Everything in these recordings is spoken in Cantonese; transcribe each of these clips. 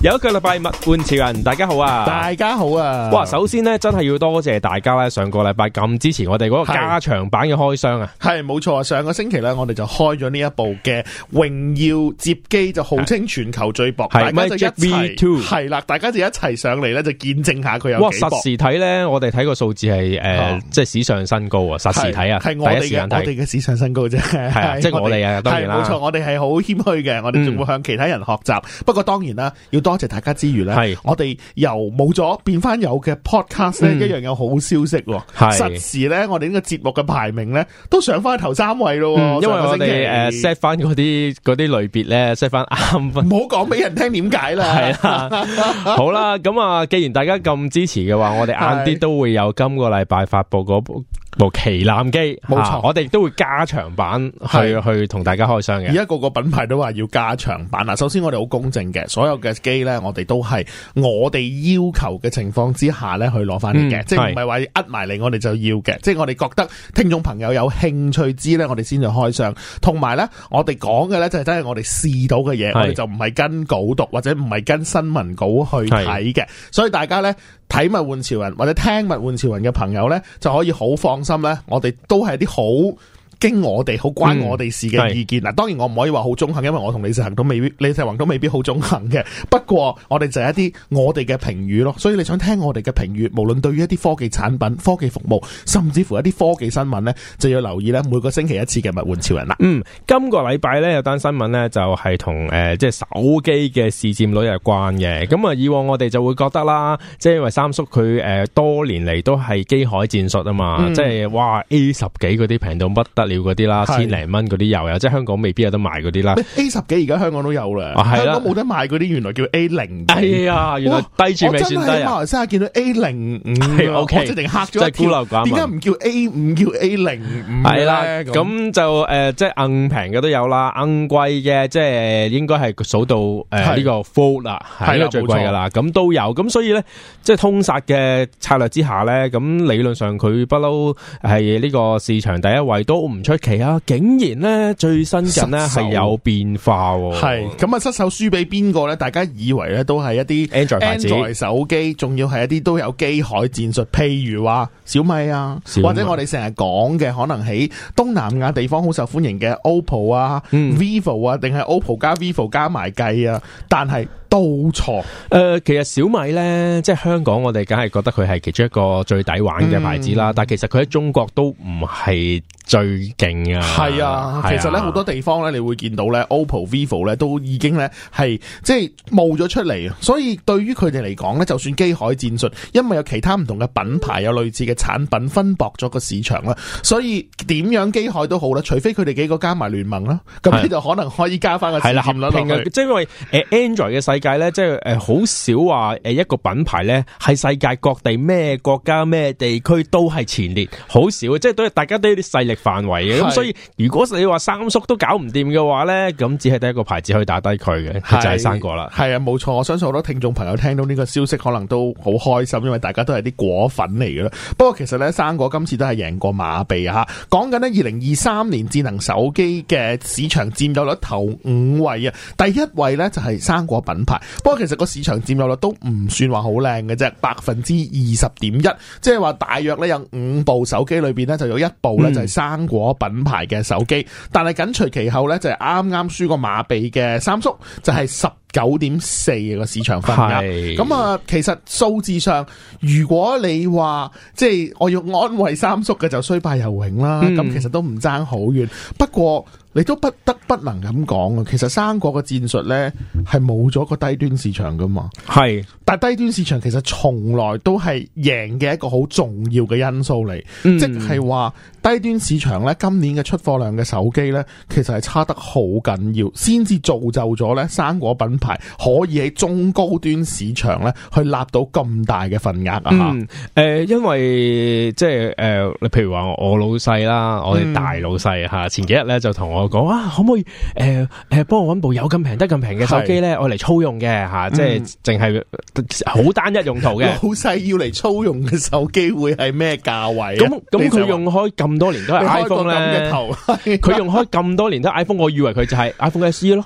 有一個禮拜物玩潮人，大家好啊！大家好啊！哇，首先呢，真係要多謝大家咧，上個禮拜咁支持我哋嗰個加長版嘅開箱啊！係冇錯啊！上個星期咧，我哋就開咗呢一部嘅榮耀接機，就號稱全球最薄，大家就一齊 Magic V2，係啦，大家就一齊上嚟咧，就見證下佢有幾薄，實時睇咧，我哋睇個數字係誒，即係史上新高啊！實時睇啊，係我哋嘅我哋嘅史上新高啫，係！即係我哋嘅，當然啦，冇錯，我哋係好謙虛嘅，我哋仲會向其他人學習。不過當然啦，要。多謝大家之餘咧，是我哋由冇咗變翻有嘅 podcast 咧，嗯，一樣有好消息。是實時咧，我哋呢個節目嘅排名咧都上翻頭三位咯。嗯，因為我哋誒 set 翻嗰啲嗰啲類別咧 set 翻啱，唔好講俾人聽點解啦。係啦，好啦，咁啊，既然大家咁支持嘅話，我哋晏啲都會有今個禮拜發布嗰部。部旗艦機，冇錯，啊，錯我哋都會加長版去是去同大家開箱嘅。而家個個品牌都話要加長版。嗱，首先我哋好公正嘅，所有嘅機咧，我哋都係我哋要求嘅情況之下咧去攞翻啲嘅，嗯、即係唔係話呃埋嚟，我哋就要嘅。是即係我哋覺得聽眾朋友有興趣知咧，我哋先至開箱。同埋咧，我哋講嘅咧就係真係我哋試到嘅嘢，是我哋就唔係跟稿讀或者唔係跟新聞稿去睇嘅。是所以大家咧。睇物玩潮人或者聽物玩潮人嘅朋友咧，就可以好放心咧。我哋都係啲好。經我哋好關我哋事嘅意見嗱，嗯、當然我唔可以話好中肯，因為我同李世恒都未必，李世宏都未必好中肯嘅。不過我哋就一啲我哋嘅評語咯，所以你想聽我哋嘅評語，無論對於一啲科技產品、科技服務，甚至乎一啲科技新聞呢，就要留意每個星期一次嘅物換潮人啦。嗯，今個禮拜呢，有單新聞呢，就係同誒即係手機嘅市佔率有關嘅。咁啊以往我哋就會覺得啦，即係因為三叔佢誒多年嚟都係機海戰術啊嘛，嗯、即係哇 A 十幾嗰啲平到不得。料啲啦，千零蚊嗰啲有有，即係香港未必有得賣嗰啲啦。A 十幾而家香港都有啦，香港冇得賣嗰啲，原來叫 A 零。係啊，原來低住未算低啊。喺馬來西亞見到 A 零五，即係定黑咗，孤陋寡聞，叫點解唔叫 A 五叫 A 零五咧？咁就誒，即係硬平嘅都有啦，硬貴嘅即係應該係數到誒呢個 Fold 啦，係啦，最貴噶啦，咁都有。咁所以咧，即係通殺嘅策略之下咧，咁理論上佢不嬲係呢個市場第一位都唔。唔出奇啊！竟然咧最新近呢係失守有變化，係咁啊！失手輸俾邊個呢？大家以為呢都係一啲 And Android, Android 手機，仲要係一啲都有機海戰術，譬如話小米啊，米或者我哋成日講嘅，可能喺東南亞地方好受歡迎嘅 OPPO 啊、嗯、VIVO 啊，定係 OPPO 加 VIVO 加埋計啊，但係，都錯誒、呃，其實小米咧，即係香港我哋梗係覺得佢係其中一個最抵玩嘅牌子啦。嗯、但係其實佢喺中國都唔係最勁啊。係啊，其實咧好多地方咧，你會見到咧，OPPO、VIVO 咧都已經咧係即係冒咗出嚟。所以對於佢哋嚟講咧，就算機海戰術，因為有其他唔同嘅品牌、嗯、有類似嘅產品分薄咗個市場啦。所以點樣機海都好啦，除非佢哋幾個加埋聯盟啦，咁呢度可能可以加翻個係啦，即係因為誒 Android 嘅勢。世界咧，即係誒，好、呃、少話誒，一個品牌咧，喺世界各地咩國家咩地區都係前列，好少，即係都係大家都有啲勢力範圍嘅。咁是所以，如果你話三叔都搞唔掂嘅話咧，咁只係得一個牌子可以打低佢嘅，就係、是、生果啦。係啊，冇錯，我相信好多聽眾朋友聽到呢個消息，可能都好開心，因為大家都係啲果粉嚟嘅啦。不過其實咧，生果今次都係贏過馬鼻啊！講緊呢，二零二三年智能手機嘅市場占有率頭五位啊，第一位咧就係、是、生果品牌。不過其實個市場佔有率都唔算話好靚嘅啫，百分之二十點一，即係話大約咧有五部手機裏邊咧就有一部咧就係生果品牌嘅手機，嗯、但係緊隨其後咧就係啱啱輸個馬鼻嘅三叔就係十九點四個市場份額，咁啊是，其實數字上，如果你話即係我要安慰三叔嘅，就雖敗猶榮啦，咁其實都唔爭好遠。不過你都不得不能咁講啊，其實生果嘅戰術呢，係冇咗個低端市場噶嘛，係是，但係低端市場其實從來都係贏嘅一個好重要嘅因素嚟，嗯、即係話。低端市場咧，今年嘅出貨量嘅手機咧，其實係差得好緊要，先至造就咗咧，生果品牌可以喺中高端市場咧去立到咁大嘅份額啊！吓、嗯，誒、呃，因為即係誒，你、呃、譬如話我老細啦，我哋大老細吓，嗯、前幾日咧就同我講啊，可唔可以誒誒，幫、呃、我搵部有咁平、得咁平嘅手機咧，我嚟操用嘅吓，即係淨係好單一用途嘅，老細要嚟操用嘅手機會係咩價位？咁咁佢用開咁，多年都係 iPhone 咧，佢用開咁多年都係 iPhone，我以為佢就係 iPhone SE 咯。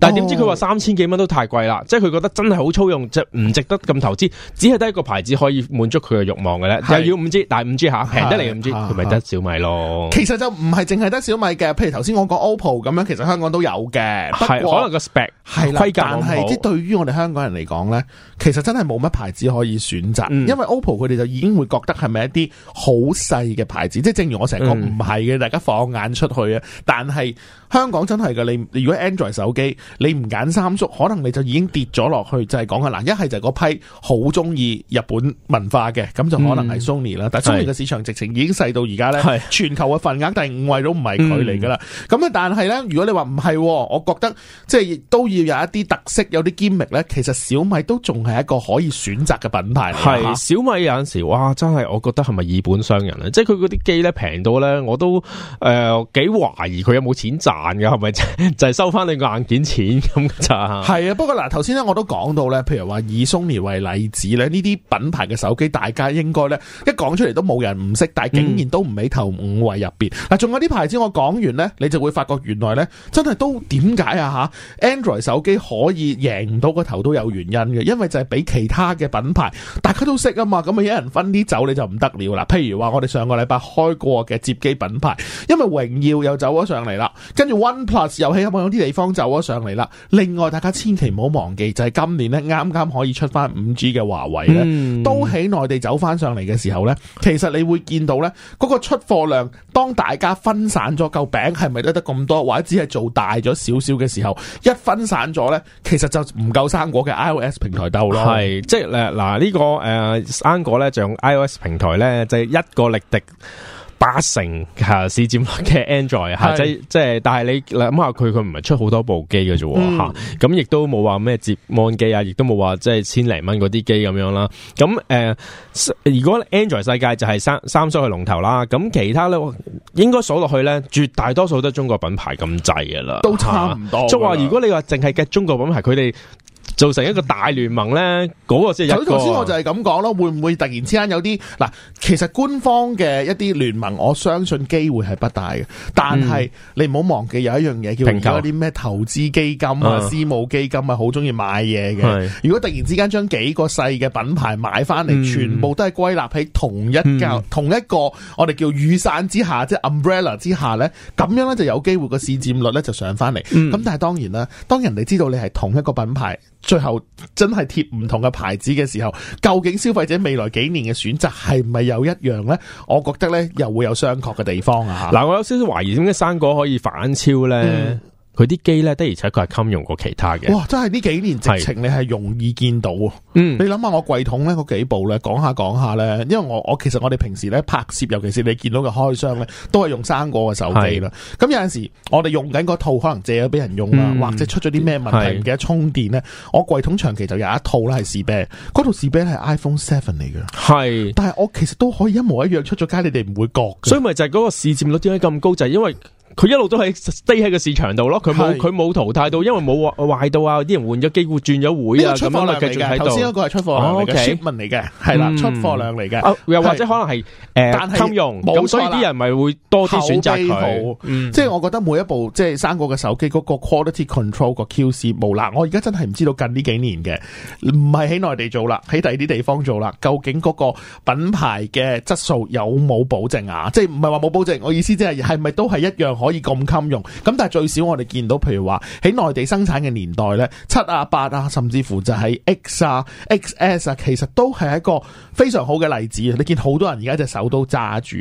但係點知佢話三千幾蚊都太貴啦，即係佢覺得真係好粗用，即唔值得咁投資，只係得一個牌子可以滿足佢嘅欲望嘅咧，是又要五 G，但係五 G 下平得嚟五 G，佢咪的得小米咯？是是其實就唔係淨係得小米嘅，譬如頭先我講 OPPO 咁樣，其實香港都有嘅，係的過可能個 spec 係啦的，但係即對於我哋香港人嚟講咧，其實真係冇乜牌子可以選擇，嗯、因為 OPPO 佢哋就已經會覺得係咪一啲好細嘅牌子，即係正如我成個唔係嘅，嗯、大家放眼出去啊，但係香港真係嘅，你如果 Android 手機。你唔揀三叔，可能你就已經跌咗落去，就係講下嗱，一係就嗰批好中意日本文化嘅，咁就可能係 Sony 啦、嗯。但 Sony 嘅市場直情已經細到而家咧，是全球嘅份額第五位都唔係佢嚟噶啦。咁啊、嗯，但係咧，如果你話唔係，我覺得即係都要有一啲特色，有啲 gimmick 咧，其實小米都仲係一個可以選擇嘅品牌。係是、啊、小米有陣時哇，真係我覺得係咪以本傷人咧？即係佢嗰啲機咧平到咧，我都誒幾懷疑佢有冇錢賺嘅，係咪就係收翻你個硬件錢片咁咋？係 啊，不過嗱，頭先咧我都講到咧，譬如話以 Sony 為例子咧，呢啲品牌嘅手機，大家應該咧一講出嚟都冇人唔識，但係竟然都唔喺頭五位入邊。嗱、嗯，仲有啲牌子，我講完呢，你就會發覺原來呢，真係都點解啊吓？Android 手機可以贏到個頭都有原因嘅，因為就係俾其他嘅品牌大家都識啊嘛，咁啊有人分啲走你就唔得了啦。譬如話我哋上個禮拜開過嘅接機品牌，因為榮耀又走咗上嚟啦，跟住 OnePlus 又喺某啲地方走咗上嚟。另外大家千祈唔好忘記，就係、是、今年咧啱啱可以出翻五 G 嘅華為咧，嗯、都喺內地走翻上嚟嘅時候呢，其實你會見到呢嗰個出貨量，當大家分散咗嚿餅，係咪得得咁多，或者只係做大咗少少嘅時候，一分散咗呢，其實就唔夠生果嘅 iOS 平台鬥咯，係即係嗱、呃這個呃、呢個誒生果就用 iOS 平台呢，就係、是、一個力敵。八成嚇、啊、市佔率嘅 Android 嚇、啊，是即即係，但係你諗下佢佢唔係出好多部機嘅啫喎嚇，咁亦都冇話咩折望機啊，亦都冇話即係千零蚊嗰啲機咁樣啦。咁、啊、誒，如果 Android 世界就係三三星嘅龍頭啦，咁其他咧應該數落去咧，絕大多數都係中國品牌咁滯嘅啦，都差唔多。即係話如果你話淨係嘅中國品牌，佢哋。造成一個大聯盟呢，嗰、嗰個先係首頭先我就係咁講咯，會唔會突然之間有啲嗱？其實官方嘅一啲聯盟，我相信機會係不大嘅。但係你唔好忘記有一樣嘢，嗯、叫而家啲咩投資基金啊、嗯、私募基金啊，好中意買嘢嘅。如果突然之間將幾個細嘅品牌買翻嚟，嗯、全部都係歸納喺同一間、嗯、同一個我哋叫雨傘之下，即係 umbrella 之下呢，咁樣呢就有機會個市佔率呢就上翻嚟。咁、嗯、但係當然啦，當人哋知道你係同一個品牌。最後真係貼唔同嘅牌子嘅時候，究竟消費者未來幾年嘅選擇係唔係有一樣呢？我覺得呢又會有商榷嘅地方啊！嗱，我有少少懷疑點解生果可以反超呢？嗯佢啲機咧，的而且確係襟用過其他嘅。哇！真係呢幾年直情你係容易見到。是想想嗯，你諗下我櫃桶咧嗰幾部咧，講下講下咧，因為我我其實我哋平時咧拍攝，尤其是你見到嘅開箱咧，都係用生果嘅手機啦。咁是有陣時候我哋用緊嗰套，可能借咗俾人用啦，嗯、或者出咗啲咩問題，唔記得充電咧。是我櫃桶長期就有一套啦，係士啤嗰套，士啤係 iPhone Seven 嚟嘅。係，是但係我其實都可以一模一樣出咗街，你哋唔會覺。所以咪就係嗰個市佔率點解咁高？就係、是、因為。佢一路都喺 stay 喺個市場度咯，佢冇佢冇淘汰到，因為冇壞到啊！啲人換咗機，戶轉咗會啊，咁樣繼續喺度，頭先嗰個係出貨嚟嘅，新聞嚟嘅，係啦，出貨量嚟嘅，又或者可能係誒襟用，咁所以啲人咪會多啲選擇佢。備嗯、即係我覺得每一部即係生果嘅手機嗰、嗰個 quality control 個 QC 冇啦，我而家真係唔知道近呢幾年嘅唔係喺內地做啦，喺第二啲地方做啦，究竟嗰個品牌嘅質素有冇保證啊？即係唔係話冇保證，我意思即係係咪都係一樣可以咁襟用，咁但係最少我哋見到，譬如話喺內地生產嘅年代呢，七啊八啊，甚至乎就係 X 啊、XS 啊，其實都係一個非常好嘅例子。你見好多人而家隻手都揸住，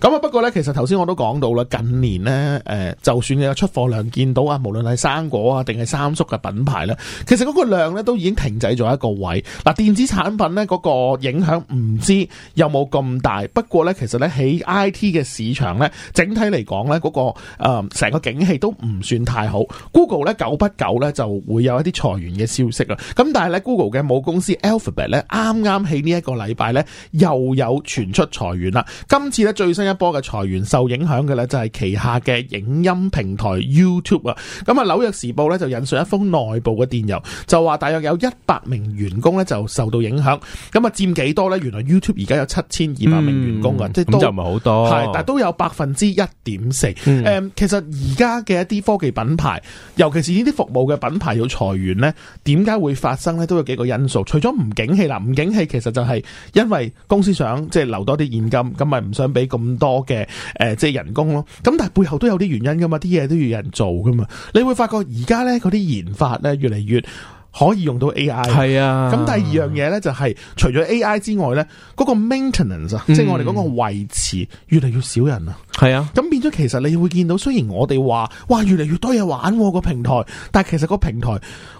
咁啊。不過呢，其實頭先我都講到啦，近年呢誒、呃，就算你出貨量見到啊，無論係生果啊，定係三叔嘅品牌呢，其實嗰個量呢都已經停滯咗一個位。嗱，電子產品呢，嗰、嗰個影響唔知有冇咁大，不過呢，其實呢喺 IT 嘅市場呢，整體嚟講呢，嗰、嗰個。誒，成、嗯、個景氣都唔算太好。Google 咧，久不久咧就會有一啲裁員嘅消息啦。咁但係咧 Google 嘅母公司 Alphabet 咧，啱啱喺呢一個禮拜咧又有傳出裁員啦。今次咧，最新一波嘅裁員受影響嘅咧就係、是、旗下嘅影音平台 YouTube 啊。咁啊紐約時報咧就引述一封內部嘅電郵，就話大約有一百名員工咧就受到影響。咁啊佔幾多咧？原來 YouTube 而家有七千二百名員工啊，嗯、即係都就唔係好多。係，但係都有百分之一點四。嗯其實而家嘅一啲科技品牌，尤其是呢啲服務嘅品牌要裁員呢，點解會發生呢？都有幾個因素，除咗唔景氣啦，唔景氣其實就係因為公司想即係留多啲現金，咁咪唔想俾咁多嘅誒即係人工咯。咁但係背後都有啲原因噶嘛，啲嘢都要有人做噶嘛。你會發覺而家呢嗰啲研發呢，越嚟越可以用到 A I，係啊。咁第二樣嘢呢，就係除咗 A I 之外呢，嗰個 maintenance 即係，嗯，我哋講個維持越嚟越少人啊。係啊，咁變咗其實你會見到，雖然我哋話哇越嚟越多嘢玩，個平台，但係其實個平台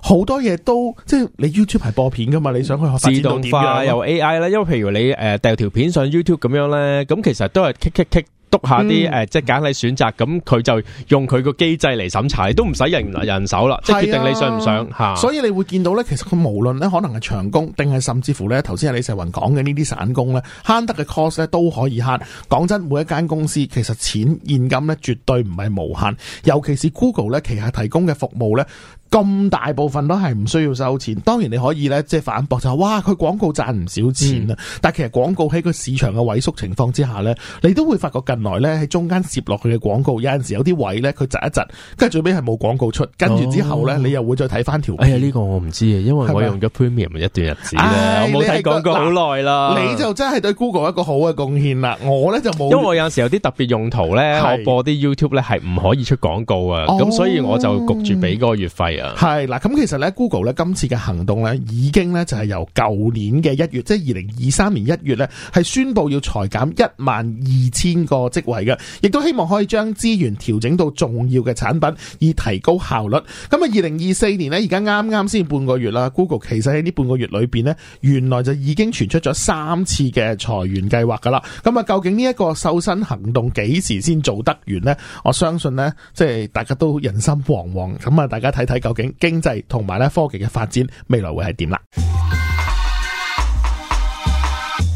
好多嘢都即係你 YouTube 係播片噶嘛，你想去學自動化又 AI 咧，因為譬如你誒掉條片上 YouTube 咁樣咧，咁其實都係 kick kick kick 篤下啲誒、嗯呃、即係揀你選擇，咁佢就用佢個機制嚟審查，都唔使人人手啦，嗯、即係決定你想唔想吓。啊啊、所以你會見到咧，其實佢無論咧可能係長工，定係甚至乎咧頭先阿李世雲講嘅呢啲散工咧，慳得嘅 cost 咧都可以慳。講真，每一間公司。其實錢現金咧，絕對唔係無限，尤其是 Google 咧旗下提供嘅服務咧。咁大部分都係唔需要收錢，當然你可以咧，即係反駁就係哇，佢廣告賺唔少錢啊！嗯、但其實廣告喺個市場嘅萎縮情況之下呢，你都會發覺近來呢，喺中間攝落去嘅廣告，有陣時候有啲位呢，佢窒一窒，跟住最尾係冇廣告出，跟住、哦、之後呢，你又會再睇翻條片。哎、呀呢、呢個我唔知啊，因為我用咗 Premium 嗎一段日子、哎、我冇睇廣告好耐啦。你就真係對 Google 一個好嘅貢獻啦！我呢就冇，因為有時候有啲特別用途呢，是我播啲 YouTube 呢係唔可以出廣告啊，咁、哦、所以我就焗住俾個月費係嗱，咁其實咧，Google 咧今次嘅行動咧，已經咧就係由舊年嘅一月，即係二零二三年一月咧，係宣布要裁減一萬二千個職位嘅，亦都希望可以將資源調整到重要嘅產品，以提高效率。咁啊，二零二四年咧，而家啱啱先半個月啦，Google 其實喺呢半個月裏邊咧，原來就已經傳出咗三次嘅裁員計劃噶啦。咁啊，究竟呢一個瘦身行動幾時先做得完咧？我相信咧，即係大家都人心惶惶。咁啊，大家睇睇究竟經濟同埋咧科技嘅發展，未來會係點啦？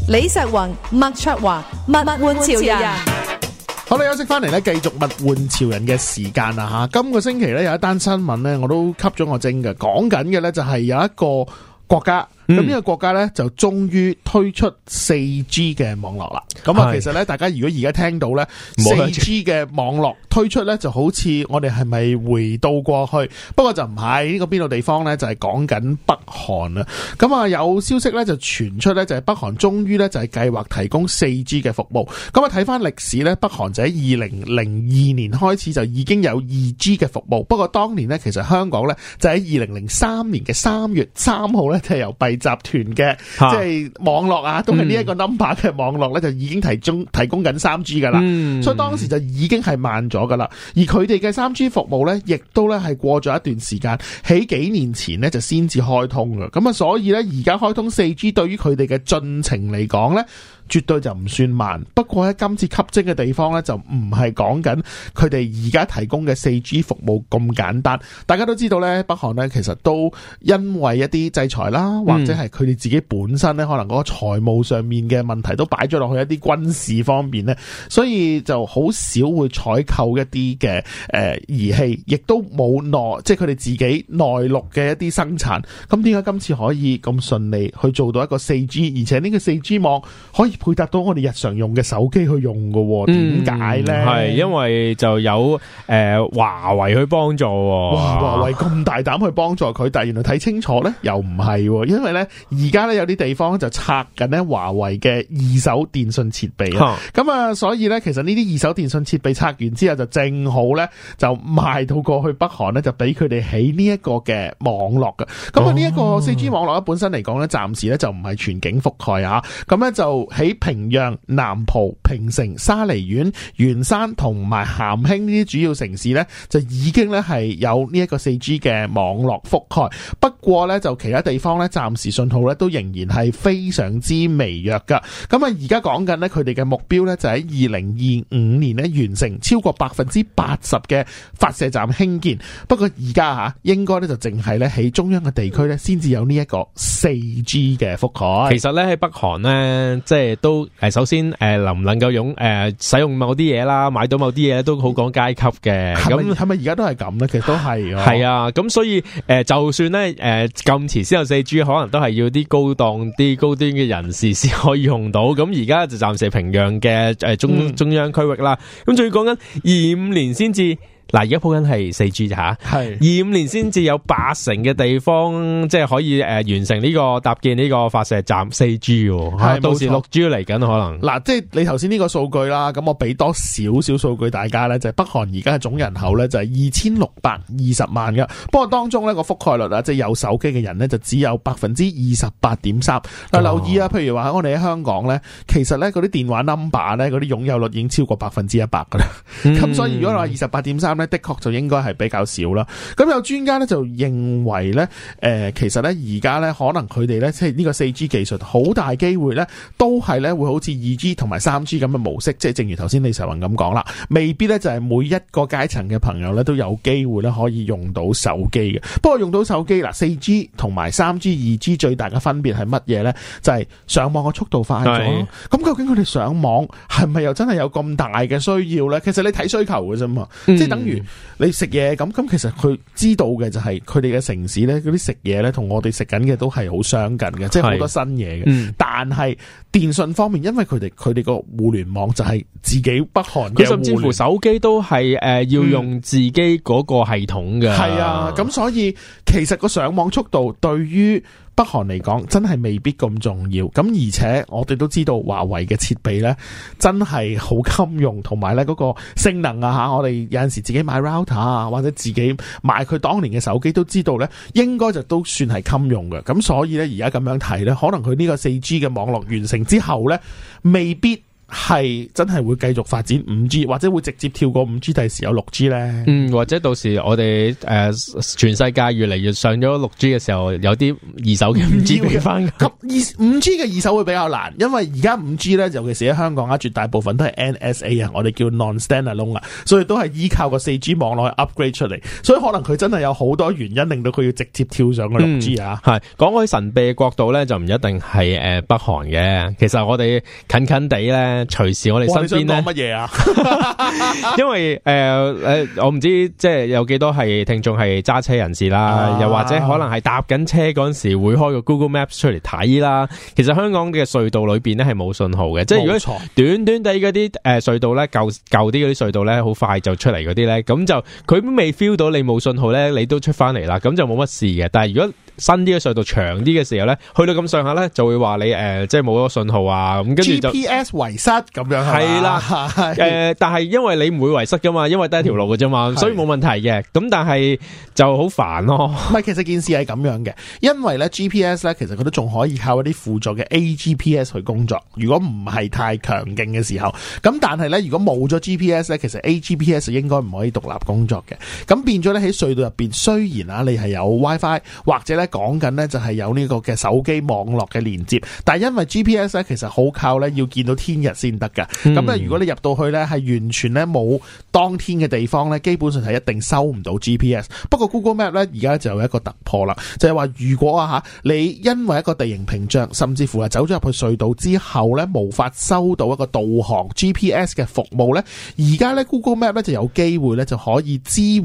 李石雲、麥卓華、物玩潮人。好啦，休息翻嚟咧，繼續物玩潮人嘅時間啦吓。今個星期咧有一單新聞咧，我都吸咗我精嘅，講緊嘅咧就係有一個國家。咁呢、嗯、個國家咧就終於推出 4G 嘅網絡啦。咁啊是，其實咧，大家如果而家聽到咧，4G 嘅網絡推出咧，就好似我哋係咪回到過去？不過就唔係呢個邊度地方咧，就係講緊北韓啊。咁啊，有消息咧就傳出咧，就係、是、北韓終於咧就係計劃提供 4G 嘅服務。咁啊，睇翻歷史咧，北韓就喺2002年開始就已經有 2G 嘅服務。不過當年咧，其實香港咧就喺2003年嘅三月三號咧就係由閉集團嘅即係網絡啊，都係呢一個 number 嘅網絡呢，就已經提供提供緊三 G 噶啦，所以當時就已經係慢咗噶啦。而佢哋嘅三 G 服務呢，亦都呢係過咗一段時間，喺幾年前呢，就先至開通噶。咁啊，所以呢，而家開通四 G，對於佢哋嘅進程嚟講呢，絕對就唔算慢，不過喺今次吸徵睛嘅地方呢，就唔係講緊佢哋而家提供嘅四 G 服務咁簡單。大家都知道呢，北韓呢其實都因為一啲制裁啦，或者係佢哋自己本身呢，可能嗰個財務上面嘅問題都擺咗落去一啲軍事方面呢，所以就好少會採購一啲嘅誒儀器，亦都冇內即係佢哋自己內陸嘅一啲生產。咁點解今次可以咁順利去做到一個四 G，而且呢個四 G 網可以？配搭到我哋日常用嘅手機去用嘅，點解咧？係因為就有誒華為去幫助，華為咁大膽去幫助佢，但係原來睇清楚咧又唔係，因為咧而家咧有啲地方咧就拆緊咧華為嘅二手電信設備，咁啊，所以咧其實呢啲二手電信設備拆完之後就正好咧就賣到過去北韓咧，就俾佢哋起呢一個嘅網絡嘅。咁啊，呢一個 4G 網絡咧本身嚟講咧暫時咧就唔係全景覆蓋啊，咁咧就起。喺平壤、南浦、平城、沙梨園、元山同埋咸興呢啲主要城市呢，就已經呢係有呢一個四 G 嘅網絡覆蓋。不過呢，就其他地方呢，暫時信號呢都仍然係非常之微弱噶。咁啊，而家講緊呢，佢哋嘅目標呢就喺二零二五年呢完成超過百分之八十嘅發射站興建。不過而家吓，應該呢就淨係呢喺中央嘅地區呢先至有呢一個四 G 嘅覆蓋。其實呢喺北韓呢，即係。都誒，首先誒，能唔能夠用誒使用某啲嘢啦，買到某啲嘢都好講階級嘅。咁係咪而家都係咁咧？其實都係。係是我 啊，咁所以誒、呃，就算咧誒，今次先有四 G，可能都係要啲高檔啲高端嘅人士先可以用到。咁而家就暫時平壤嘅誒中中央區域啦。咁仲、嗯、要講緊二五年先至。嗱，而家鋪緊係四 G 啫吓是，係二五年先至有八成嘅地方，即、就、係、是、可以誒、呃、完成呢、這個搭建呢個發射站四 G，係是到時六 G 嚟緊可能錯。嗱，即係你頭先呢個數據啦，咁我俾多少少數據大家咧，就係、是、北韓而家嘅總人口咧就係二千六百二十萬噶，不過當中呢、那個覆蓋率啊，即係有手機嘅人咧就只有百分之二十八點三。嗱，留意啊，哦、譬如話喺我哋喺香港咧，其實咧嗰啲電話 number 咧嗰啲擁有率已經超過百分之一百噶啦，咁、嗯、所以如果你話二十八點三。咧的確就應該係比較少啦。咁有專家咧就認為咧，誒、呃，其實咧而家咧可能佢哋咧即係呢個四 G 技術，好大機會咧都係咧會好似二 G 同埋三 G 咁嘅模式。即係正如頭先李世雲咁講啦，未必咧就係每一個階層嘅朋友咧都有機會咧可以用到手機嘅。不過用到手機嗱，四 G 同埋三 G、二 G 最大嘅分別係乜嘢咧？就係、是、上網嘅速度快咗。咁對究竟佢哋上網係咪又真係有咁大嘅需要咧？其實你睇需求嘅啫嘛，嗯、即係等。如你食嘢咁，咁其實佢知道嘅就係佢哋嘅城市呢，嗰啲食嘢呢，同我哋食緊嘅都係好相近嘅，即係好多新嘢嘅。但係電信方面，因為佢哋佢哋個互聯網就係自己北韓嘅，甚至乎手機都係誒要用自己嗰個系統嘅。係啊，咁所以其實個上網速度對於。北韓嚟講真係未必咁重要，咁而且我哋都知道華為嘅設備咧，真係好襟用，同埋呢嗰個性能啊嚇，我哋有陣時自己買 router 啊，或者自己買佢當年嘅手機都知道呢，應該就都算係襟用嘅，咁所以呢，而家咁樣睇呢，可能佢呢個四 G 嘅網絡完成之後呢，未必。係真係會繼續發展五 G，或者會直接跳過五 G，第時有六 G 咧？嗯，或者到時我哋誒、呃、全世界越嚟越上咗六 G 嘅時候，有啲二手嘅 5G 會返咁二五 G 嘅二手會比較難，因為而家五 G 咧，尤其是喺香港啊，絕大部分都係 NSA 啊，我哋叫 non-standalone 啊,所以都係依靠個四 G 網絡去 upgrade 出嚟，所以可能佢真係有好多原因令到佢要直接跳上個六 G 啊。係講開神秘嘅角度咧，就唔一定係誒、呃、北韓嘅，其實我哋近近地咧。隨時我哋身邊咧，啊、 因為誒誒、呃呃，我唔知即係有幾多係聽眾係揸車人士啦，啊、又或者可能係搭緊車嗰陣時會開個 Google Maps 出嚟睇啦。其實香港嘅隧道裏邊咧係冇信號嘅，錯即係如果短短地嗰啲誒隧道咧，舊舊啲嗰啲隧道咧，好快就出嚟嗰啲咧，咁就佢未 feel 到你冇信號咧，你都出翻嚟啦，咁就冇乜事嘅。但係如果，新啲嘅隧道長啲嘅時候咧，去到咁上下咧，就會話你誒、呃，即係冇咗信號啊，咁跟住 GPS 遺失咁樣係係啦，誒，但係因為你唔會遺失噶嘛，因為得一條路嘅啫嘛，嗯、所以冇問題嘅。咁但係就好煩咯。唔係，其實件事係咁樣嘅，因為咧 GPS 咧，其實佢都仲可以靠一啲輔助嘅 AGPS 去工作。如果唔係太強勁嘅時候，咁但係咧，如果冇咗 GPS 咧，其實 AGPS 應該唔可以獨立工作嘅。咁變咗咧喺隧道入邊，雖然啊，你係有 WiFi 或者咧。講緊呢，就係有呢個嘅手機網絡嘅連接，但係因為 GPS 咧，其實好靠咧，要見到天日先得㗎，咁咧、嗯、如果你入到去呢，係完全呢，冇當天嘅地方呢，基本上係一定收唔到 GPS。不過 Google Map 呢，而家就有一個突破啦，就係、是、話如果啊吓你因為一個地形屏障，甚至乎係走咗入去隧道之後呢，無法收到一個導航 GPS 嘅服務呢。而家呢 Google Map 呢，就有機會呢，就可以支援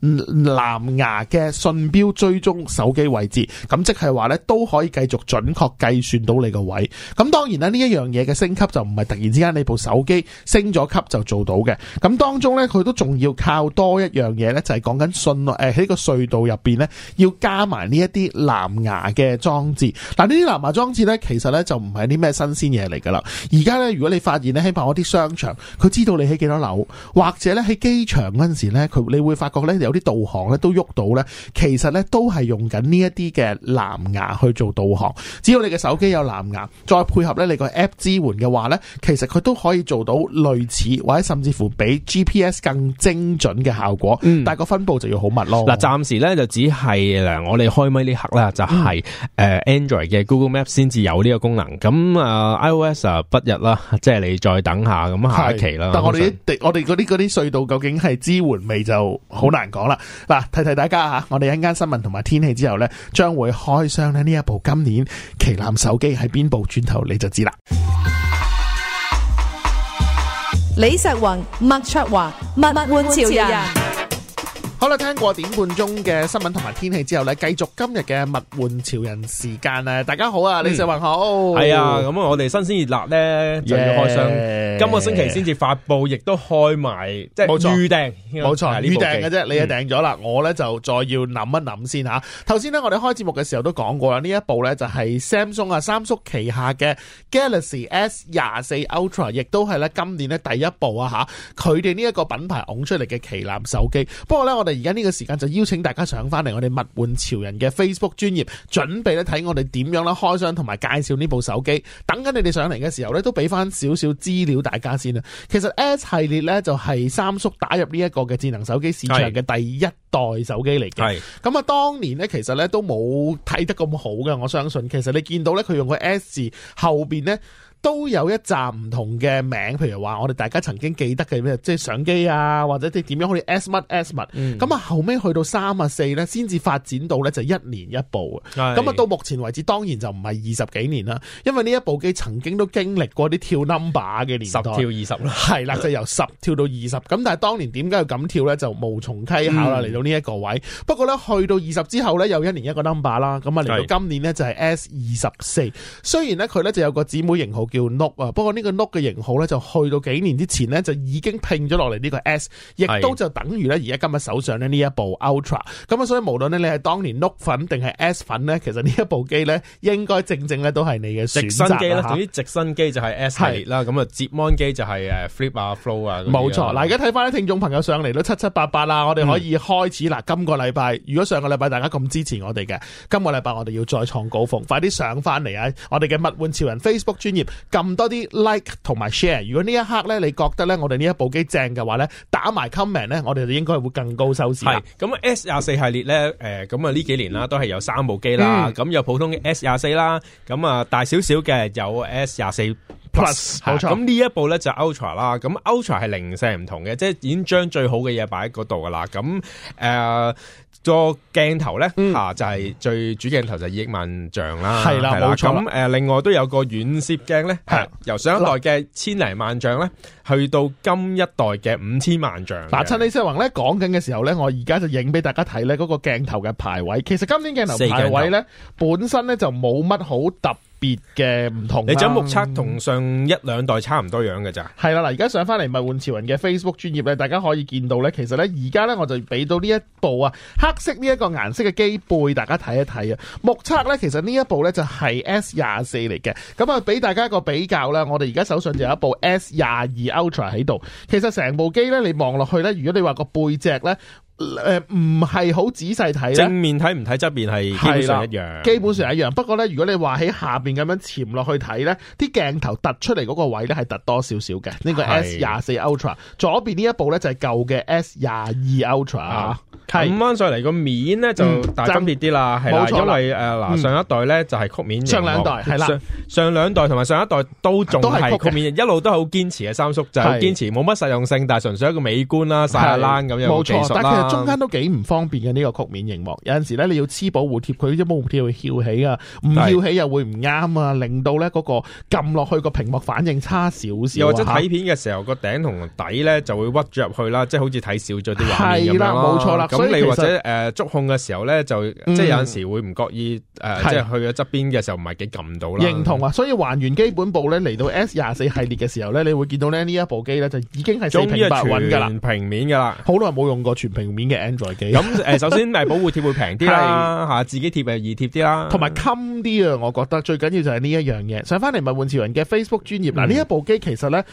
藍牙嘅信標追蹤手機位。咁即係話呢，都可以繼續準確計算到你個位。咁當然啦，呢一樣嘢嘅升級就唔係突然之間你部手機升咗級就做到嘅。咁當中呢，佢都仲要靠多一樣嘢呢，就係講緊信，誒喺個隧道入邊呢，要加埋呢一啲藍牙嘅裝置。嗱，呢啲藍牙裝置呢，其實呢就唔係啲咩新鮮嘢嚟噶啦。而家呢，如果你發現呢，起碼嗰啲商場佢知道你喺幾多樓或者呢喺機場嗰陣時呢，佢，你會發覺呢，有啲導航呢都喐到呢，其實呢都係用緊呢一啲嘅藍牙去做導航，只要你嘅手機有藍牙，再配合咧你個 app 支援嘅話咧，其實佢都可以做到類似或者甚至乎比 GPS 更精準嘅效果，嗯、但係個分佈就要好密咯。嗱、啊，暫時咧就只係啦，我哋開咪呢刻啦，就係、是、誒、嗯呃、Android 嘅 Google Map 先至有呢個功能，咁啊 iOS 不日啦，即係你再等下咁下一期啦。但我哋常我哋嗰啲啲隧道究竟係支援未就好難講啦。嗱、啊，提提大家吓，我哋一陣間新聞同埋天氣之後咧。將會開箱咧呢一部今年旗艦手機喺邊部？轉頭你就知啦。李石宏、麥卓華、麥麥換潮人。好啦，聽過點半鐘嘅新聞同埋天氣之後咧，繼續今日嘅物玩潮人時間咧。大家好啊，嗯、李世雲好。係啊，咁啊，我哋新鮮熱辣咧就要開箱。今個星期先至發佈，亦都開埋即係預訂。冇錯錯，預訂嘅啫，你啊訂咗啦。嗯、我咧就再要諗一諗先吓。頭先咧，我哋開節目嘅時候都講過啦，呢一部咧就係 Samsung 啊三叔旗下嘅 Galaxy S 廿四 Ultra，亦都係咧今年咧第一部啊吓。佢哋呢一個品牌推出嚟嘅旗艦手機。不過咧，我哋而家呢個時間就邀請大家上翻嚟我哋物玩潮人嘅 Facebook 專頁，準備咧睇我哋點樣咧開箱同埋介紹呢部手機。等緊你哋上嚟嘅時候呢，都俾翻少少資料大家先啦。其實 S 系列呢，就係三叔打入呢一個嘅智能手機市場嘅第一代手機嚟嘅。咁啊，當年呢，其實呢都冇睇得咁好嘅，我相信。其實你見到呢，佢用個 S 字後邊呢。都有一集唔同嘅名，譬如話我哋大家曾經記得嘅咩，即係相機啊，或者即點樣好似 s, s, 1, s m a t s m a t 咁啊後尾去到三啊四咧，先至發展到咧就一年一部啊。咁啊是到目前為止，當然就唔係二十幾年啦，因為呢一部機曾經都經歷過啲跳 number 嘅年代，十跳二十啦，係啦就由、是、十跳到二十。咁但係當年點解要咁跳咧？就無從稽考啦。嚟到呢一個位，不過咧去到二十之後咧又一年一個 number 啦。咁啊嚟到今年咧就係 S 二十四，是雖然咧佢咧就有個姊妹型號。叫 Note 啊，不過呢個 Note 嘅型號咧就去到幾年之前呢，就已經拼咗落嚟呢個 S，亦都就等於咧而家今日手上呢一部 Ultra，咁啊所以無論你係當年 Note 粉定係 S 粉呢，其實呢一部機呢，應該正正咧都係你嘅。直身機啦啲直身機就係 S 係啦，咁啊折彎機就係誒 Flip 啊 Flow 啊，冇錯嗱。而家睇翻啲聽眾朋友上嚟都七七八八啦我哋可以開始、嗯、啦今個禮拜如果上個禮拜大家咁支持我哋嘅，今個禮拜我哋要再創高峰，快啲上翻嚟啊！我哋嘅物玩潮人 Facebook 專頁。咁多啲 like 同埋 share，如果呢一刻咧你覺得咧我哋呢一部機正嘅話咧，打埋 comment 咧，我哋就應該會更高收視。係咁 S 廿四系列咧，誒、呃，咁啊呢幾年啦，都係有三部機啦，咁、嗯、有普通 S 廿四啦，咁啊大少少嘅有 S 廿四 Plus，冇錯。咁呢一部咧就 Ultra 啦，咁 Ultra 係零舍唔同嘅，即係已經將最好嘅嘢擺喺嗰度噶啦。咁誒。呃個鏡頭咧、嗯啊，就係、是、最主鏡頭就係二億萬像啦，係的的啦，冇錯。咁、呃、誒，另外都有個遠攝鏡咧，係的的由上一代嘅千零萬像咧，去到今一代嘅五千萬像。嗱，趁李世宏咧講緊嘅時候咧，我而家就影俾大家睇咧，嗰個鏡頭嘅排位。其實今年鏡頭排位咧，本身咧就冇乜好特別嘅唔同，你將目測同上一兩代差唔多樣嘅咋？係啦，嗱，而家上翻嚟咪物玩潮人嘅 Facebook 專頁咧，大家可以見到咧，其實咧而家咧我就俾到呢一部啊，黑色呢一個顏色嘅機背，大家睇一睇啊。目測咧，其實呢一部咧就係 S 廿四嚟嘅，咁啊俾大家一個比較啦。我哋而家手上就有一部 S 廿二 Ultra 喺度，其實成部機咧，你望落去咧，如果你話個背脊咧。誒，唔係好仔細睇正面睇唔睇側面係基本上一樣。基本上一樣，不過咧，如果你話喺下邊咁樣潛落去睇咧，啲鏡頭突出嚟嗰個位咧係突多少少嘅。呢個 S 廿四 Ultra 左邊呢一部咧就係舊嘅 S 廿二 Ultra 啊，咁樣上嚟個面咧就大係分別啲啦，係啦，因為誒嗱上一代咧就係曲面。上兩代係啦，上兩代同埋上一代都仲係曲面，一路都係好堅持嘅三叔就，堅持冇乜實用性，但係純粹一個美觀啦，晒下冷咁樣嘅技術啦。中間都幾唔方便嘅呢、這個曲面熒幕，有陣時咧你要黐保護貼，佢啲保護貼會翹起啊，唔翹起又會唔啱啊，令到咧嗰個撳落去個屏幕反應差少少。又或者睇片嘅時候，個頂同底咧就會屈咗入去啦，即係好似睇少咗啲畫面咁咯。係啦，冇錯啦。咁你或者誒觸、呃、控嘅時候咧，就即係有陣時會唔覺意誒，即係去咗側邊嘅時候唔係幾撳到啦。認同啊，所以還原基本部咧嚟到 S 廿四系列嘅時候咧，你會見到呢一部機咧就已經係四平八穩啦，平面噶啦，好耐冇用過全屏面。面嘅 Android 機咁，首先誒保護貼會平啲啦，自己貼又易貼啲啦，同埋襟啲啊，我覺得最緊要就係呢一樣嘢。上翻嚟咪換潮人嘅 Facebook 專頁嗱，呢、嗯、一部機其實咧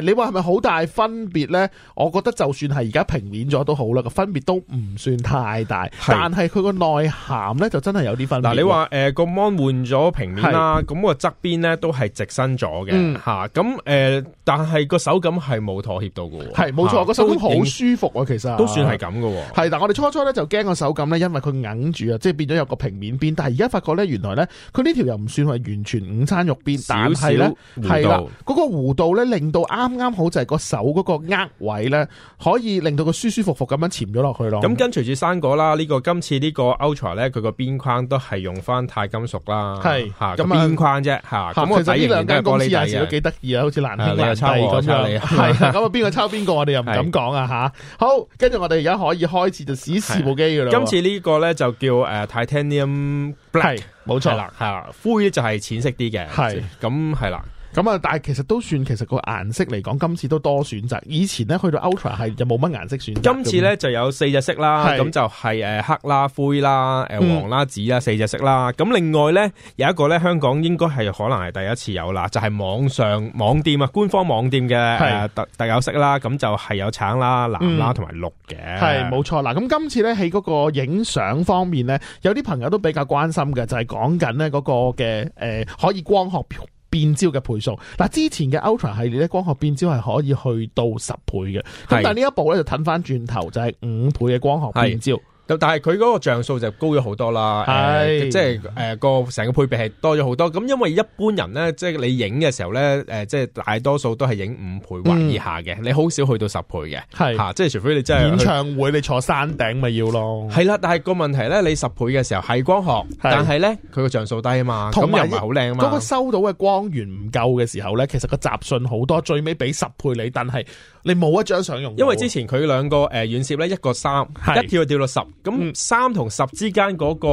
你話係咪好大分別咧？我覺得就算係而家平面咗都好啦，個分別都唔算太大，但係佢個內涵咧就真係有啲分別。嗱、嗯，你話誒個 mon 換咗平面啦，咁個側邊咧都係直身咗嘅，咁但係個手感係冇妥協到嘅喎，係冇錯，個、啊、手感好舒服啊，其實都算係咁係，但我哋初初咧就驚個手感咧，因為佢硬住啊，即係變咗有個平面邊。但係而家發覺咧，原來咧佢呢條又唔算話完全午餐肉邊，但係咧係啦，嗰個弧度咧令到啱啱好就係個手嗰個握位咧，可以令到佢舒舒服服咁樣潛咗落去咯。咁跟隨住生果啦，呢個今次呢個 Ultra 咧，佢個邊框都係用翻鈦金屬啦，係咁啊邊框啫吓。咁其實呢兩間公司啊，幾得意啊，好似難兄難弟咁樣，咁啊，邊個抄邊個，我哋又唔敢講啊吓。好，跟住我哋而家可以。一開始就試試部機㗎喇、啊。今次這個呢個咧就叫誒、呃、Titanium Black，冇錯啦，係啦、啊啊、灰就係淺色啲嘅，係咁係啦。咁啊，但係其實都算，其實個顏色嚟講，今次都多選擇。以前咧去到 Ultra 系就冇乜顏色選擇。今次咧樣就有四隻色啦，咁是就係誒黑啦、灰啦、誒黃啦、嗯、紫啦四隻色啦。咁另外咧有一個咧，香港應該係可能係第一次有啦，就係、是、網上網店啊，官方網店嘅特是、呃、特有色啦。咁就係有橙啦、藍啦同埋、嗯、綠嘅。係冇錯。嗱，咁今次咧喺嗰個影相方面咧，有啲朋友都比較關心嘅，就係講緊咧嗰個嘅誒、呃、可以光學變焦嘅倍數，嗱，之前嘅 Ultra 系列咧，光學變焦係可以去到十倍嘅，咁是的 但係呢一步咧，就褪翻轉頭就係、是、五倍嘅光學變焦。但係佢嗰個像素就高咗好多啦，即係誒個成個配備係多咗好多。咁因為一般人咧，即係你影嘅時候咧，誒即係大多數都係影五倍或以下嘅，嗯、你好少去到十倍嘅，吓即係除非你真係演唱會你坐山頂咪要咯。係啦，但係個問題咧，你十倍嘅時候係光學，係但係咧佢個像素低啊嘛，咁又唔係好靚啊嘛。嗰個收到嘅光源唔夠嘅時候咧，其實個雜訊好多，最尾俾十倍你，但係。你冇一張相用，因為之前佢兩個誒遠、呃、攝咧一個三是，一跳就掉到十、嗯，咁三同十之間嗰、那個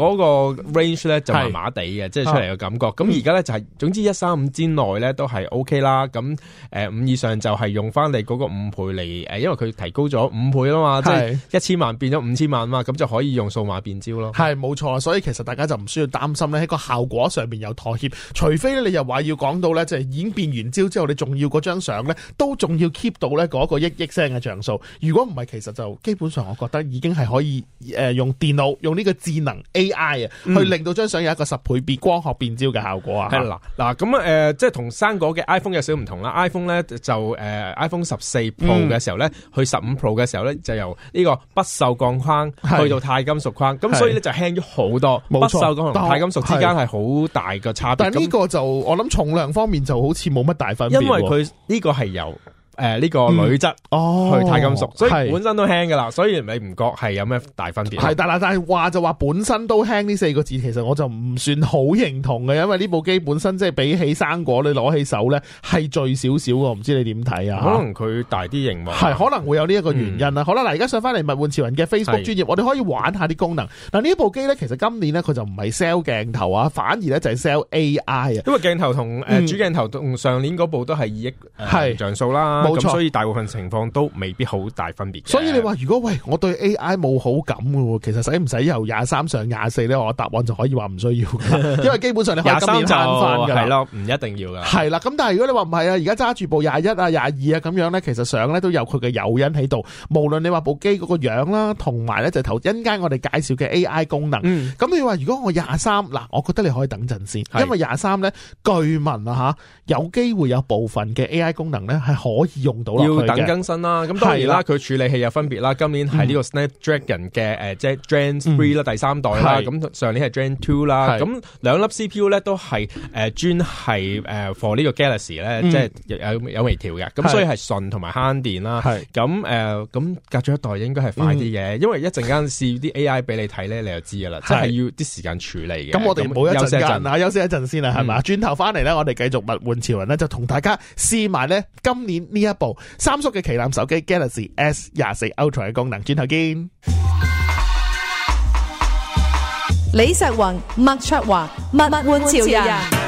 嗰、嗯、range 咧、嗯、就麻麻地嘅，即係是出嚟嘅感覺。咁而家咧就係總之一三五之內咧都係 O K 啦。咁誒五以上就係用翻你嗰個五倍嚟、呃、因為佢提高咗五倍啊嘛，即係一千萬變咗五千萬嘛，咁就可以用數碼變焦咯。係冇錯，所以其實大家就唔需要擔心咧，喺個效果上面有妥協，除非咧你又話要講到咧，就係、是、演變完焦之後你，你仲要嗰張相咧都仲要。keep 到咧嗰一個一億聲嘅像素，如果唔係，不其實就基本上我覺得已經係可以誒用電腦用呢個智能 AI 啊、嗯，去令到張相有一個十倍變光學變焦嘅效果、嗯、啊。係啦，嗱咁誒，即係同生果嘅 iPhone 有少少唔同啦。iPhone 咧就誒、呃、iPhone 十四 Pro 嘅時候咧，嗯、去十五 Pro 嘅時候咧，就由呢個不鏽鋼框去到鈦金屬框，咁是所以咧就輕咗好多。是不鏽鋼同鈦金屬之間係好大嘅差別。但係呢個就那我諗重量方面就好似冇乜大分別。因為佢呢個係由。誒呢、呃呢個鋁質金、嗯、哦，去 titanium 所以本身都輕㗎啦，是所以你唔覺係有咩大分別？係但但係話就話本身都輕呢四個字，其實我就唔算好認同嘅，因為呢部機本身即係比起生果你攞起手咧係最少少㗎，唔知你點睇啊？可能佢大啲形狀係可能會有呢一個原因啦。嗯、好啦，嗱而家上翻嚟物玩潮人嘅 Facebook 專頁，是我哋可以玩下啲功能。嗱呢部機咧，其實今年咧佢就唔係 sell 鏡頭啊，反而咧就係 sell AI 啊。因為鏡頭同、嗯、主鏡頭同上年嗰部都係二億是、呃、像素啦。咁所以大部分情況都未必好大分別。所以你話如果喂，我對 A.I. 冇好感嘅喎，其實使唔使由廿三上廿四咧？我答案就可以話唔需要，因為基本上你可以今年賺翻㗎，係咯，唔一定要㗎。係啦，咁但係如果你話唔係啊，而家揸住部廿一啊、廿二啊咁樣咧，其實上咧都有佢嘅誘因喺度。無論你話部機嗰個樣啦，同埋咧就頭先間我哋介紹嘅 A.I. 功能，咁你話如果我廿三嗱，我覺得你可以等陣先，因為廿三咧據聞啊嚇，有機會有部分嘅 A.I. 功能咧係可以。用到要等更新啦。咁當然啦，佢處理器有分別啦。今年係呢個 Snapdragon 嘅即係 Gen Three 啦，第三代啦。咁上年係 Gen Two 啦。咁兩粒 CPU 咧都係誒專係誒 for 呢個 Galaxy 咧，即係有有微調嘅。咁所以係順同埋慳電啦。咁誒咁隔咗一代應該係快啲嘅，因為一陣間試啲 AI 俾你睇咧，你就知噶啦。即係要啲時間處理嘅。咁我哋冇一陣間休息一陣先啦，係嘛？轉頭翻嚟咧，我哋繼續物玩潮人咧，就同大家試埋咧今年呢一部三星嘅旗艦手機 Galaxy S 廿四 Ultra 嘅功能，轉頭見。李石云、麥卓華、麥麥換潮人。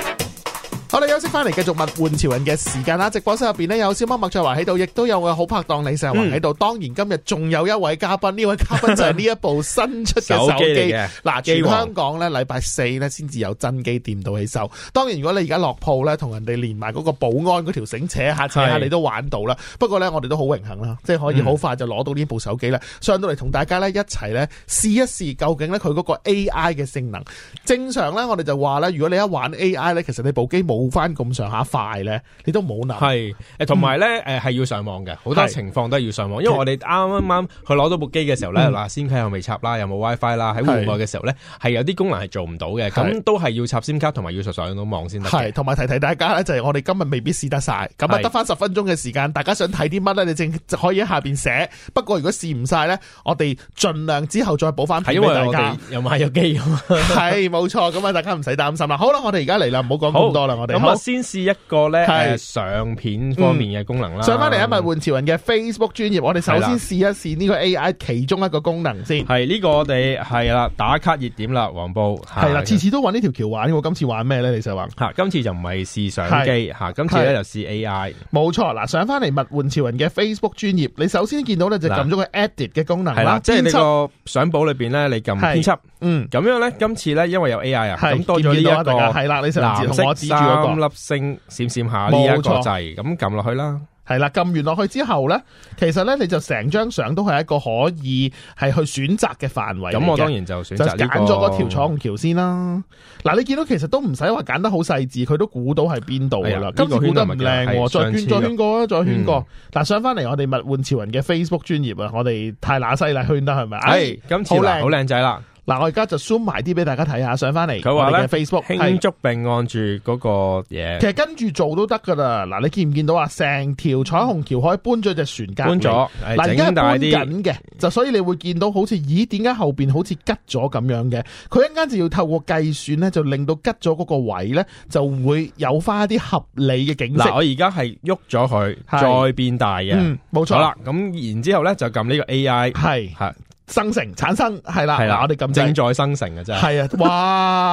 好，我哋休息翻嚟，繼續物玩潮人嘅時間啦！直播室入邊呢，有小貓麥翠華喺度，亦都有我好拍檔李成華喺度。嗯、當然今日仲有一位嘉賓，呢位嘉賓就係呢一部新出嘅手機嗱， 機王全香港呢，禮拜四呢，先至有真機店到起售。當然如果你而家落鋪呢，同人哋連埋嗰個保安嗰條繩扯下扯下，你都玩到啦。是不過呢，我哋都好榮幸啦，即係可以好快就攞到呢部手機啦，上到嚟同大家呢，一齊呢，試一試究竟呢，佢嗰個 AI 嘅性能。正常呢，我哋就話呢，如果你一玩 AI 呢，其實你部機冇。冇翻咁上下快咧，你都冇難。係誒，同埋咧，誒係要上網嘅，好多情況都係要上網。因為我哋啱啱去攞到部機嘅時候咧，嗱 SIM 卡又未、嗯、插啦，有冇 WiFi 啦？喺戶是外嘅時候咧，係有啲功能係做唔到嘅，咁是都係要插 SIM 卡同埋要上上到網先得。同埋提提大家咧，就係、是、我哋今日未必試得晒，咁啊得翻十分鐘嘅時間，大家想睇啲乜咧？你正可以喺下邊寫。不過如果試唔晒咧，我哋盡量之後再補翻睇。因為大家又買咗機咁，係冇錯。咁啊，大家唔使擔心啦。好啦，我哋而家嚟啦，唔好講咁多啦，我哋。咁我好先試一個咧是、啊、相片方面嘅功能啦。嗯、上翻嚟啊，物那換潮人嘅 Facebook 專頁，我哋首先試一試呢個 AI 其中一個功能先。係呢、呢個我哋係啦，打卡熱點啦，黃埔。係啦，次次都搵呢條橋玩，我今次玩咩咧？你就話。今次就唔係試相機，嚇是、啊，今次咧的就試 AI。冇錯，嗱，上翻嚟物換潮人嘅 Facebook 專頁，你首先見到咧就撳咗個 edit 嘅功能啦。係啦的，即係你個相簿裏邊咧，你撳編輯。嗯，咁樣咧，今次咧，因為有 AI 啊，咁多咗呢大家係啦，你上次同我指住嗰個，三粒星閃閃下，冇錯，就咁撳落去啦。係啦，撳完落去之後咧，其實咧，你就成張相都係一個可以係去選擇嘅範圍。咁我當然就選擇呢揀咗個條彩虹橋先啦。嗱，你見到其實都唔使話揀得好細致，佢都估到係邊度噶啦。今次估得唔靚，再圈再圈過再圈過。嗱，上翻嚟我哋物玩潮人嘅 Facebook 專頁啊，我哋太乸西啦圈得係咪？係，今次好好靚仔啦。嗱、啊，我而家就 show 埋啲俾大家睇下，上翻嚟佢話咧 Facebook 輕觸並按住嗰個嘢，是其實跟住做都得噶啦。嗱、啊，你見唔見到啊？成條彩虹橋可以搬咗隻船夾，搬咗嗱，而家大搬緊嘅，就所以你會見到好似，咦？點解後邊好似吉咗咁樣嘅？佢一陣間就要透過計算咧，就令到吉咗嗰個位咧，就會有翻一啲合理嘅景色。嗱、啊，我而家係喐咗佢，是再變大嘅，冇錯啦。咁然之後咧就撳呢個 AI，係係是。生成、產生係啦，係啦，我哋咁正在生成㗎，真係。係啊，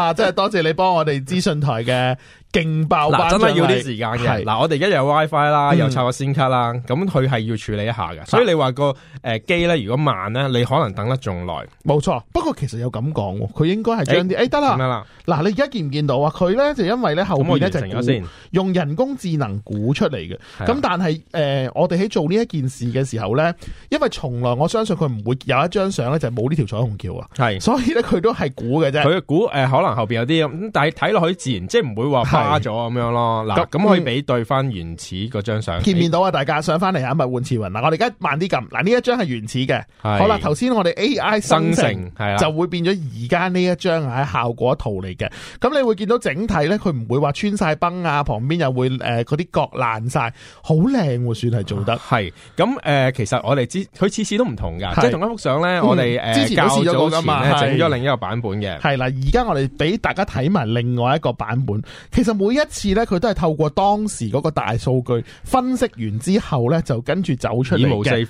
哇！ 真係多謝你幫我哋資訊台嘅。勁爆！嗱，真係要啲時間嘅。嗱，我哋而家有 WiFi 啦，又插個 SIM 卡啦，咁佢係要處理一下嘅。所以你話個誒機咧，如果慢咧，你可能等得仲耐。冇錯，不過其實有咁講，佢應該係將啲誒得啦。啦？嗱，你而家見唔見到啊？佢咧就因為咧後邊咗先用人工智能估出嚟嘅。咁但係誒，我哋喺做呢一件事嘅時候咧，因為從來我相信佢唔會有一張相咧就冇呢條彩虹橋啊。係，所以咧佢都係估嘅啫。佢估誒，可能後邊有啲咁，但係睇落去自然，即係唔會話。花咗咁樣咯，嗱咁可以俾對翻原始嗰張相見唔見到啊？大家上翻嚟啊，咪換次雲嗱，我哋而家慢啲撳嗱，呢一張係原始嘅，好啦，頭先我哋 AI 生成就會變咗而家呢一張啊，效果圖嚟嘅，咁你會見到整體咧，佢唔會話穿晒崩啊，旁邊又會誒嗰啲角爛晒，好靚喎，算係做得係咁誒。其實我哋知佢次次都唔同㗎，即係同一幅相咧，我哋誒之前早前咧整咗另一個版本嘅，係啦，而家我哋俾大家睇埋另外一個版本，其實。每一次咧，佢都係透過當時嗰個大數據分析完之後咧，就跟住走出嚟嘅。冇西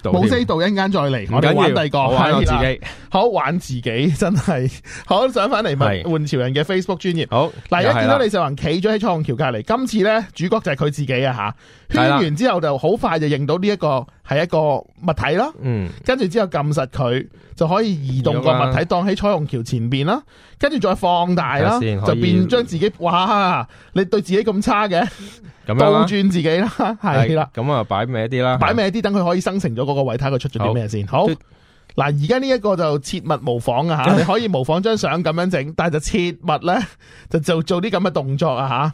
道，一陣間再嚟。我哋玩第二個，玩自己，好玩自己，真係好想翻嚟物玩潮人嘅 Facebook 專頁。好，嗱，而家見到李兆宏企咗喺彩虹橋隔籬，今次咧主角就係佢自己啊吓。圈完之後就好快就認到呢一個係一個物體啦嗯，跟住之後撳實佢就可以移動個物體，當喺彩虹橋前邊啦。跟住再放大啦，就變將自己哇～你對自己咁差嘅，樣倒轉自己啦，係啦是，咁啊擺咩啲啦，擺咩啲等佢可以生成咗嗰個位，睇佢出咗啲咩先。好，嗱，而家呢一個就切勿模仿啊吓， 你可以模仿張相咁樣整，但係就切勿咧就做做啲咁嘅動作啊吓。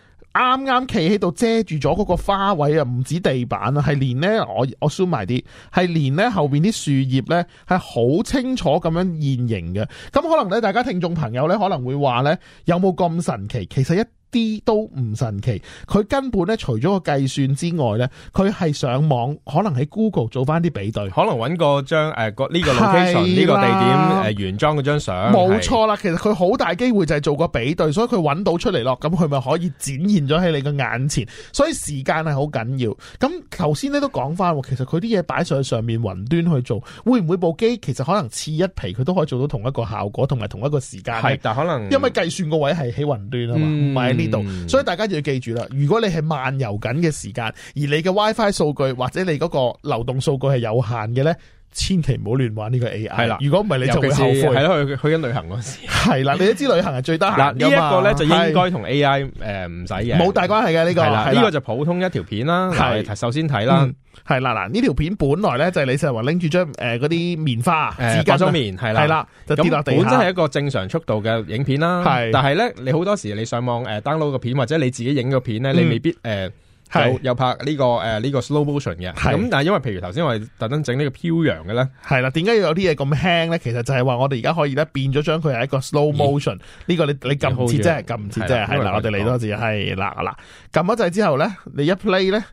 啱啱企喺度遮住咗嗰個花位啊，唔止地板啊，係連呢。我我 show 埋啲，係連呢後邊啲樹葉呢，係好清楚咁樣現形嘅。咁可能呢，大家聽眾朋友呢可能會話呢，有冇咁神奇？其實一。啲都唔神奇，佢根本咧除咗個計算之外咧，佢係上網可能喺 Google 做翻啲比對，可能揾個張誒、呃這個呢個 location 呢個地點誒、呃、原裝嗰張相，冇錯啦。其實佢好大機會就係做個比對，所以佢揾到出嚟咯。咁佢咪可以展現咗喺你嘅眼前。所以時間係好緊要。咁頭先咧都講翻，其實佢啲嘢擺上去上面雲端去做，會唔會部機其實可能次一皮，佢都可以做到同一個效果同埋同一個時間？係，但可能因為計算個位係喺雲端啊嘛，唔係、嗯。呢度，嗯、所以大家就要記住啦。如果你係漫遊緊嘅時間，而你嘅 WiFi 數據或者你嗰個流動數據係有限嘅咧，千祈唔好亂玩呢個 AI 了。係啦，如果唔係你就會後悔。係咯，去去緊旅行嗰時。係啦，你都知旅行係最得閒。呢一個咧就應該同 AI 誒唔使嘅，冇、呃、大關係嘅呢個。係啦了，呢了個就普通一條片啦。係，是首先睇啦。嗯係啦，嗱呢條片本來咧就係李 s i 拎住張誒嗰啲棉花，化咗棉係啦，係啦，就跌到地。本身係一個正常速度嘅影片啦，係。但係咧，你好多時你上網誒 download 個片或者你自己影個片咧，你未必誒有有拍呢個誒呢個 slow motion 嘅。咁但係因為譬如頭先我哋特登整呢個飄揚嘅咧，係啦。點解要有啲嘢咁輕咧？其實就係話我哋而家可以咧變咗將佢係一個 slow motion。呢個你你撳次即係撳次即係，嗱，啦。我哋嚟多次，係啦啦。撳一制之後咧，你一 play 咧。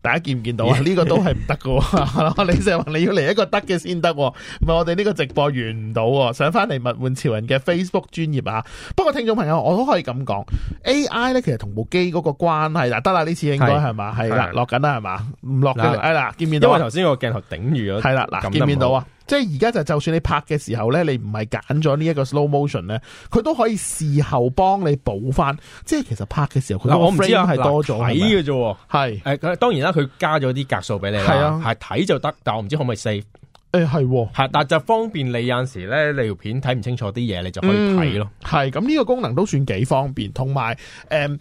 大家見唔見到啊？呢 個都係唔得嘅， 你成日 r 話你要嚟一個得嘅先得，唔係我哋呢個直播完唔到，上翻嚟物換潮人嘅 Facebook 專頁啊！不過聽眾朋友，我都可以咁講，AI 咧其實同部機嗰個關係啦得啦呢次應該係嘛，係是啦落緊啦係嘛，唔落緊，係啦，啦見唔見到，因為頭先個鏡頭頂住咗，係啦，嗱見唔見到啊？即係而家就就算你拍嘅時候咧，你唔係揀咗呢一個 slow motion 咧，佢都可以事後幫你補翻。即係其實拍嘅時候都是是是是，佢我唔知係多咗睇嘅啫，係、啊、誒，是當然啦，佢加咗啲格數俾你呀，係睇、啊、就得，但我唔知可唔可以 save 誒係，係、欸啊、但就方便你有陣時咧，你條片睇唔清楚啲嘢，你就可以睇咯。係咁呢個功能都算幾方便，同埋誒。嗯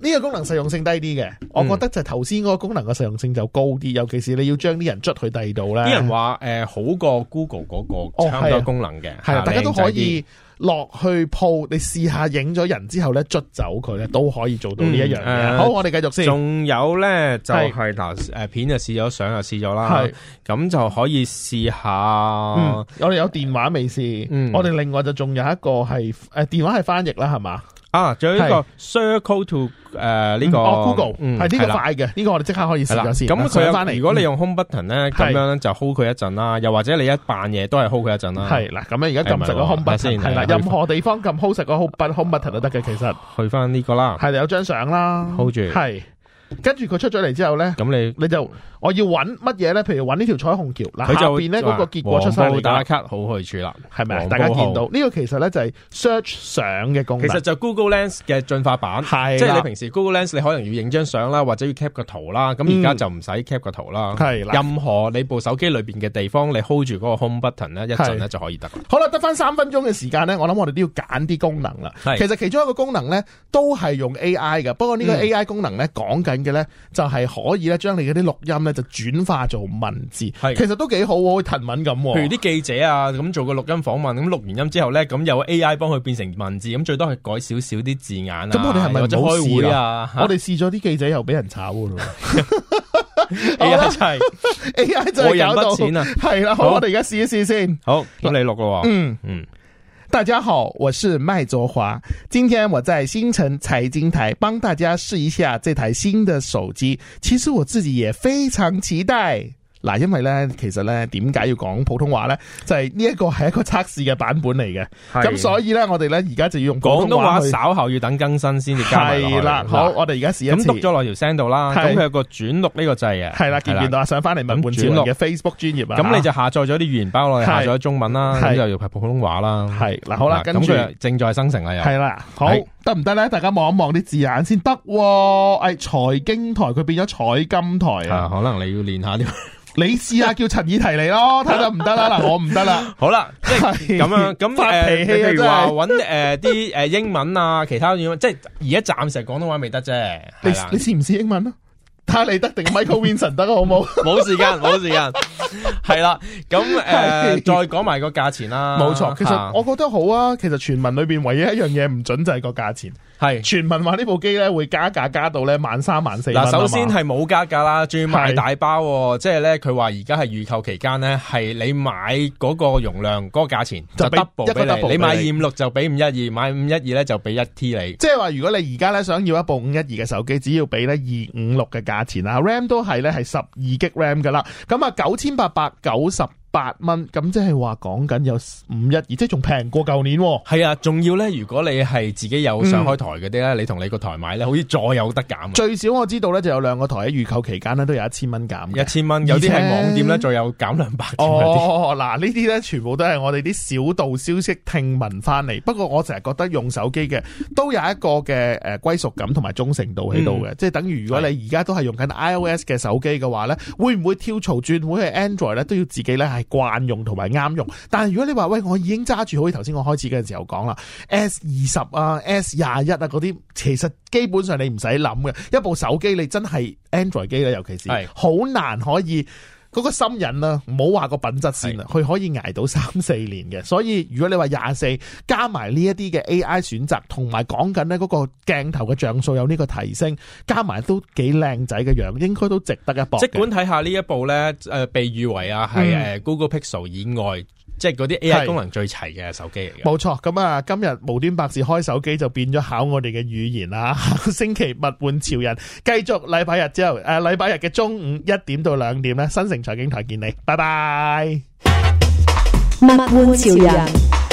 呢個功能實用性低啲嘅，嗯、我覺得就係頭先嗰個功能嘅實用性就高啲，尤其是你要將啲人捽去第二度咧。啲人話誒、呃、好過 Google 嗰個差唔多、哦啊、功能嘅，係、啊、大家都可以落去鋪，你試下影咗人之後咧捽走佢咧都可以做到呢一樣嘢。嗯呃、好，我哋繼續先。仲有咧就係、是、嗱，誒是片就試咗，相就試咗啦。係咁是就可以試下。嗯、我哋有電話未試？嗯、我哋另外就仲有一個係誒、呃、電話係翻譯啦，係嘛？啊，仲有呢個 circle to 誒呢個，Google 係呢個快嘅呢個我哋即刻可以試咗先。咁佢翻嚟如果你用 home button 咧，咁樣就 hold 佢一陣啦。又或者你一扮嘢都係 hold 佢一陣啦。係啦，咁樣而家撳實個 home button 先。係啦，任何地方撳 hold 實個 home home button 都得嘅其實。去翻呢個啦，係有張相啦，hold 住。係。跟住佢出咗嚟之後咧，咁你你就我要揾乜嘢咧？譬如揾呢條彩虹橋，嗱，就邊咧嗰個結果出晒嚟，黃布打卡好去處啦，係咪？大家見到呢個其實咧就係 search 相嘅功能，其實就 Google Lens 嘅進化版，即係你平時 Google Lens 你可能要影張相啦，或者要 keep 個圖啦，咁而家就唔使 keep 個圖啦，任何你部手機裏邊嘅地方，你 hold 住嗰個 home button 咧，一陣咧就可以得。好啦，得翻三分鐘嘅時間咧，我諗我哋都要揀啲功能啦。其實其中一個功能咧都係用 AI 嘅，不過呢個 AI 功能咧講緊。嘅咧，就係可以咧，將你嗰啲錄音咧，就轉化做文字，係的其實都幾好，會騰文咁。譬如啲記者啊，咁做個錄音訪問，咁錄完音之後咧，咁有 AI 幫佢變成文字，咁最多係改少少啲字眼那是是啊。咁我哋係咪開會啊？我哋試咗啲記者又俾人炒噶 AI 就係、是、 AI 就有得錢啊。係啦，好，我哋而家試一試先。好，咁你錄咯。嗯嗯。嗯大家好，我是麥卓華。今天我在新城財經台幫大家試一下這台新的手機。其實我自己也非常期待。嗱，因為咧，其實咧，點解要講普通話咧？就係呢一個係一個測試嘅版本嚟嘅，咁所以咧，我哋咧而家就要用普通話去，廣東話稍後要等更新先至加埋落嚟。係啦，好，我哋而家試一次。咁讀咗落條聲度啦，咁佢有個轉錄呢個掣啊。係啦，見唔見到啊？上返嚟文本轉錄嘅 Facebook 專頁，咁你就下載咗啲語言包落嚟，下載咗中文啦，咁就要拍普通話啦。係嗱，好啦，跟住正在生成啦，又係啦，好得唔得咧？大家望一望啲字眼先得喎。誒，財經台佢變咗彩金台啊，可能你要練下啲。你試下叫陳以提你咯，睇得唔得啦嗱，我唔得啦，好啦，即係咁樣咁誒，譬如話揾啲英文啊，其他語文，即係而家暫時廣東話未得啫。你你試唔試英文咯？睇下你得定 Michael Vincent 得好冇？冇時間，冇時間。係啦，咁誒再講埋個價錢啦。冇錯，其實我覺得好啊。其實傳聞裏面唯一一樣嘢唔準就係個價錢。係，傳聞話呢部機咧會加價加到咧萬三萬四。嗱，首先係冇加價啦，仲要賣大包，即係咧佢話而家係預購期間咧，係你買嗰個容量嗰個價錢就 double 俾你，就你你買二五六就俾五一二，買五一二咧就俾一 T 你。即係話如果你而家咧想要一部五一二嘅手機，只要俾咧二五六嘅價錢啦，RAM 都係咧係十二 G RAM 噶啦，咁啊九千八百九十。八蚊咁，即係話講緊有五日，而且仲平過舊年係啊，仲要咧，如果你係自己有上開台嗰啲咧，你同你個台買咧，好似再有得減。最少我知道咧就有兩個台喺預購期間咧都有一千蚊減，一千蚊。有啲係網店咧再且有減兩百。嗱呢啲咧全部都係我哋啲小道消息聽聞翻嚟。不過我成日覺得用手機嘅都有一個嘅誒歸屬感同埋忠誠度喺度嘅，嗯、即係等於如果你而家都係用緊 iOS 嘅手機嘅話咧，會唔會跳槽轉會去 Android 咧都要自己咧。係慣用同埋啱用，但係如果你話，喂，我已經揸住，好似頭先我開始嘅時候講啦，S 二十啊，S 廿一啊，嗰啲，啊，其實基本上你唔使諗嘅，一部手機你真係 Android 機咧，啊，尤其是係好難可以。嗰個心癮啦、啊，唔好話個品質先啊，佢是可以捱到三四年嘅，所以如果你話廿四加埋呢一啲嘅 A I 選擇，同埋講緊呢嗰個鏡頭嘅像素有呢個提升，加埋都幾靚仔嘅樣，應該都值得一搏。即管睇下呢一部呢，誒、呃、被譽為啊係誒 Google Pixel 以外。嗯即係嗰啲 AI 功能最齊嘅手機嚟嘅，冇錯。咁啊，今日無端白事開手機就變咗考我哋嘅語言啦。星期物玩潮人，繼續禮拜日之後，誒、呃，禮拜日嘅中午一點到兩點咧，新城財經台見你，拜拜。物玩潮人。